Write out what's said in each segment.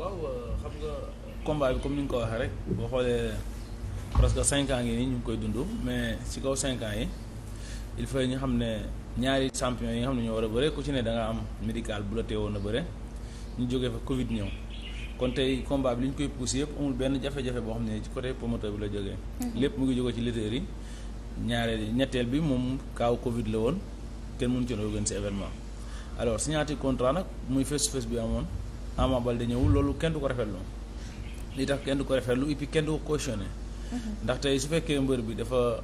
waaw euh, xam nga combat bi comme ni nga ko waxee rek boo xoolee presque cinq ans yi nii ñu ngi koy dundu mais si kaw cinq ans yi il faut ñu xam ne ñaari champion yi nga xam ne ñoo war a bëre ku ci ne da nga am médical bu la teewoon a bëre ñu jóge fa Covid ñëw kon tey combat bi li ñu koy poussé yëpp amul benn jafe boo xam ne ci côté promoteur bi la jógee. lépp mu ngi jógee ci lutteurs yi ñaareel ñetteel bi moom kaaw Covid la woon kenn mënu ci organiser événement alors signature contrat nag muy face to bi amoon. Ama Baldé ñëwul loolu kenn du ko rafetlu lii tax kenn du ko rafetlu et puis kenn du ko cautionné. Mhm. ndax tey su fekkee mbër bi dafa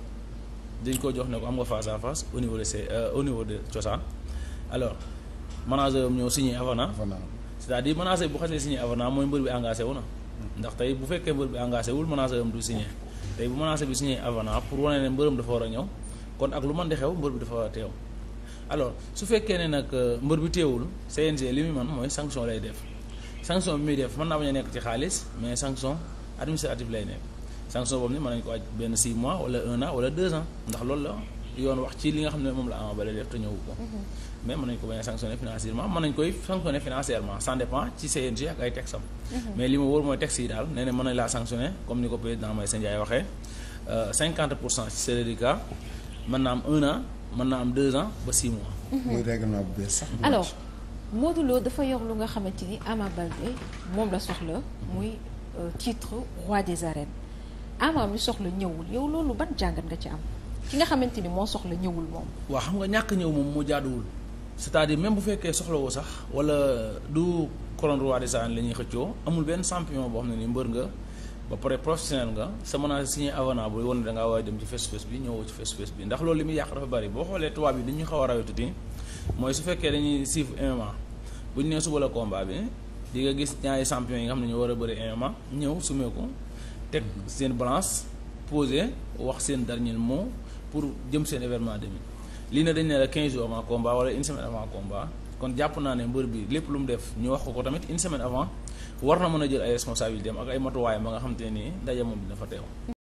dañ ko jox ne ko am nga face à face au niveau de ses euh, au niveau de cosaan alors manager am ñëw signé avenant. c'est-à-dire manager bu xasee signé avenant mooy mbër bi engagé wu na. Mhm. ndax tey bu fekkee mbër bi engagé wul manager am du signé tey bu manager bi signé avenant pour wane ne mbërëm dafa war a ñëw kon ak lu man di xew mbër bi dafa war teew alors su fekkee ne nag euh, mbër bi teewul CNG li muy man mooy sanction lay def. sanction bi muy def mën naa bañ a nekk ci xaalis mais sanction administrative lay nekk sanction boobu ni mën nañ ko aj benn 6 mois wala 1 an wala 2 ans ndax loolu la yoon wax ci li nga xam ne moom la Ama ko mhm. mais mën nañ ko bañ a sanctionné financièrement mën nañ koy sanctionné financièrement ça dépend ci CNG ak ay textes am mhm. mais li ma wóor mooy texte yi daal na mën nañ laa sanctionné comme ni euh, am 1 an mën naa am 2 ans ba 6 mois mhm. Modou dafa yor lu nga xamante ni Ama Baldé moom la soxla muy euh, titre roi des arènes Ama mi soxla ñëwul yow loolu ban jàngat nga ci am ki nga xamante ni moo soxla ñëwul moom. waaw xam nga ñàkk ñëw moom moo jaaduwul c'est-à-dire même bu fekkee soxlawoo sax wala du couronne roi des arènes la ñuy xëccoo amul benn champion boo xam ne ni mbër nga ba pare professionnel nga sa mën a signé avenant bu woon da ngaa war a dem ci face face bi ñëwoo ci face face bi yàq dafa bari boo xoolee tubaab yi dañu xaw a rawee tuuti mooy su fekkee dañuy suivre MMA bu ñu nee suba la combat bi di nga gis ñaari champion yi nga xam ne ñu war a bëri MMA ñëw sumee ko teg seen balance posé wax seen dernier moo pour jëm seen événement demi lii na dañ ne la 15 jours avant combat wala une semaine avant combat kon jàpp naa ne mbër bi lépp lu mu def ñu wax ko ko tamit une semaine avant war na mën a jël ay responsabilités am ak ay matuwaay ba nga xam te ne nii ndaje moom dina fa teew.